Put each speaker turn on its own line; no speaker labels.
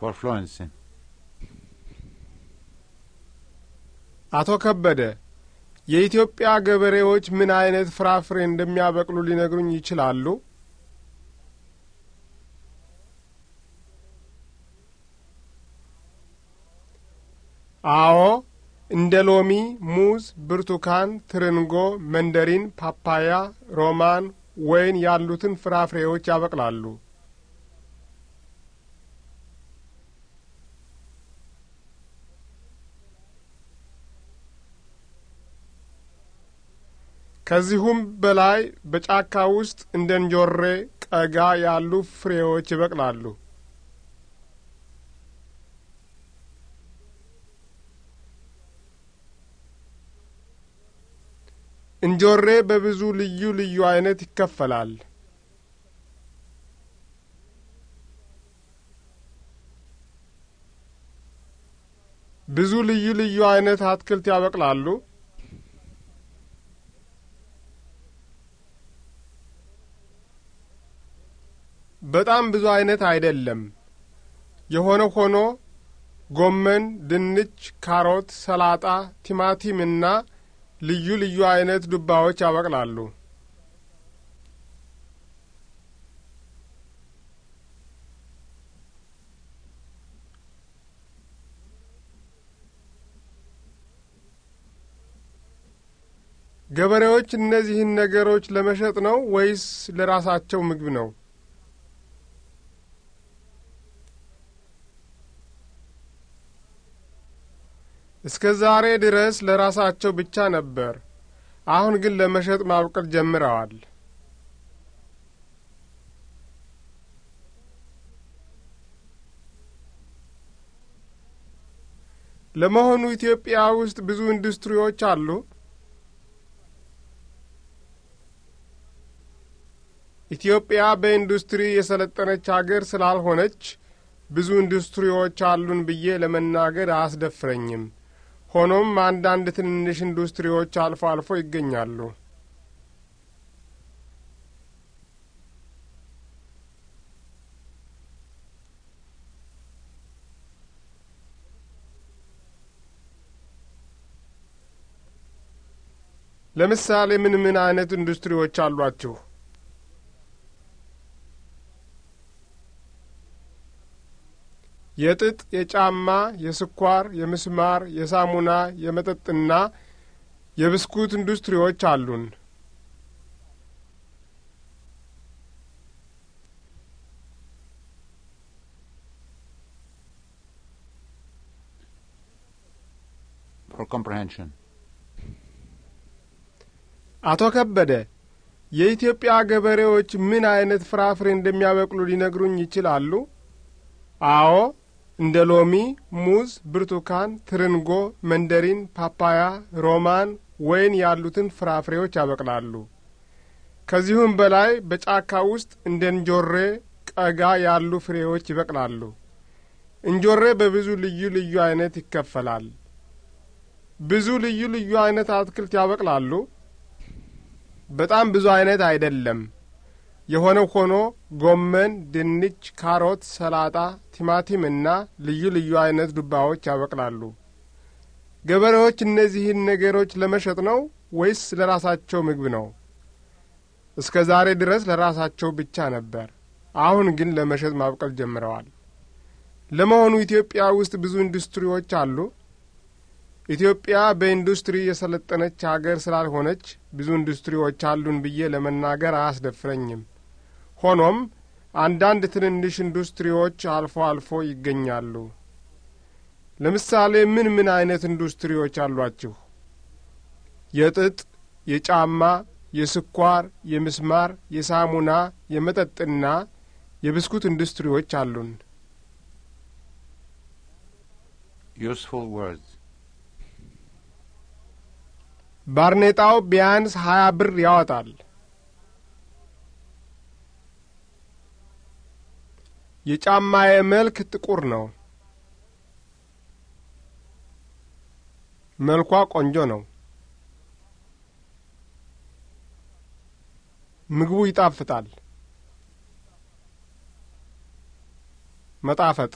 ፎር ፍሎረንስን አቶ ከበደ የኢትዮጵያ ገበሬዎች ምን አይነት ፍራፍሬ እንደሚያበቅሉ ሊነግሩኝ ይችላሉ? አዎ፣ እንደ ሎሚ፣ ሙዝ፣ ብርቱካን፣ ትርንጎ፣ መንደሪን፣ ፓፓያ፣ ሮማን፣ ወይን ያሉትን ፍራፍሬዎች ያበቅላሉ። ከዚሁም በላይ በጫካ ውስጥ እንደ እንጆሬ ቀጋ ያሉ ፍሬዎች ይበቅላሉ። እንጆሬ በብዙ ልዩ ልዩ አይነት ይከፈላል። ብዙ ልዩ ልዩ አይነት አትክልት ያበቅላሉ። በጣም ብዙ አይነት አይደለም። የሆነ ሆኖ ጎመን፣ ድንች፣ ካሮት፣ ሰላጣ፣ ቲማቲም እና ልዩ ልዩ አይነት ዱባዎች ያበቅላሉ። ገበሬዎች እነዚህን ነገሮች ለመሸጥ ነው ወይስ ለራሳቸው ምግብ ነው? እስከ ዛሬ ድረስ ለራሳቸው ብቻ ነበር። አሁን ግን ለመሸጥ ማብቀል ጀምረዋል። ለመሆኑ ኢትዮጵያ ውስጥ ብዙ ኢንዱስትሪዎች አሉ? ኢትዮጵያ በኢንዱስትሪ የሰለጠነች አገር ስላልሆነች ብዙ ኢንዱስትሪዎች አሉን ብዬ ለመናገር አያስደፍረኝም። ሆኖም አንዳንድ ትንንሽ ኢንዱስትሪዎች አልፎ አልፎ ይገኛሉ። ለምሳሌ ምን ምን አይነት ኢንዱስትሪዎች አሏችሁ? የጥጥ፣ የጫማ፣ የስኳር፣ የምስማር፣ የሳሙና፣ የመጠጥና የብስኩት ኢንዱስትሪዎች አሉን። አቶ ከበደ የኢትዮጵያ ገበሬዎች ምን አይነት ፍራፍሬ እንደሚያበቅሉ ሊነግሩኝ ይችላሉ? አዎ እንደ ሎሚ፣ ሙዝ፣ ብርቱካን፣ ትርንጎ፣ መንደሪን፣ ፓፓያ፣ ሮማን፣ ወይን ያሉትን ፍራፍሬዎች ያበቅላሉ። ከዚሁም በላይ በጫካ ውስጥ እንደ እንጆሬ፣ ቀጋ ያሉ ፍሬዎች ይበቅላሉ። እንጆሬ በብዙ ልዩ ልዩ አይነት ይከፈላል። ብዙ ልዩ ልዩ አይነት አትክልት ያበቅላሉ። በጣም ብዙ አይነት አይደለም። የሆነው ሆኖ ጎመን፣ ድንች፣ ካሮት፣ ሰላጣ፣ ቲማቲም እና ልዩ ልዩ አይነት ዱባዎች ያበቅላሉ። ገበሬዎች እነዚህን ነገሮች ለመሸጥ ነው ወይስ ለራሳቸው ምግብ ነው? እስከ ዛሬ ድረስ ለራሳቸው ብቻ ነበር። አሁን ግን ለመሸጥ ማብቀል ጀምረዋል። ለመሆኑ ኢትዮጵያ ውስጥ ብዙ ኢንዱስትሪዎች አሉ? ኢትዮጵያ በኢንዱስትሪ የሰለጠነች አገር ስላልሆነች ብዙ ኢንዱስትሪዎች አሉን ብዬ ለመናገር አያስደፍረኝም። ሆኖም አንዳንድ ትንንሽ ኢንዱስትሪዎች አልፎ አልፎ ይገኛሉ። ለምሳሌ ምን ምን አይነት ኢንዱስትሪዎች አሏችሁ? የጥጥ፣ የጫማ፣ የስኳር፣ የምስማር፣ የሳሙና፣ የመጠጥና የብስኩት ኢንዱስትሪዎች አሉን። ዩስፉል ባርኔጣው ቢያንስ ሀያ ብር ያወጣል። የጫማዬ መልክ ጥቁር ነው። መልኳ ቆንጆ ነው። ምግቡ ይጣፍጣል። መጣፈጥ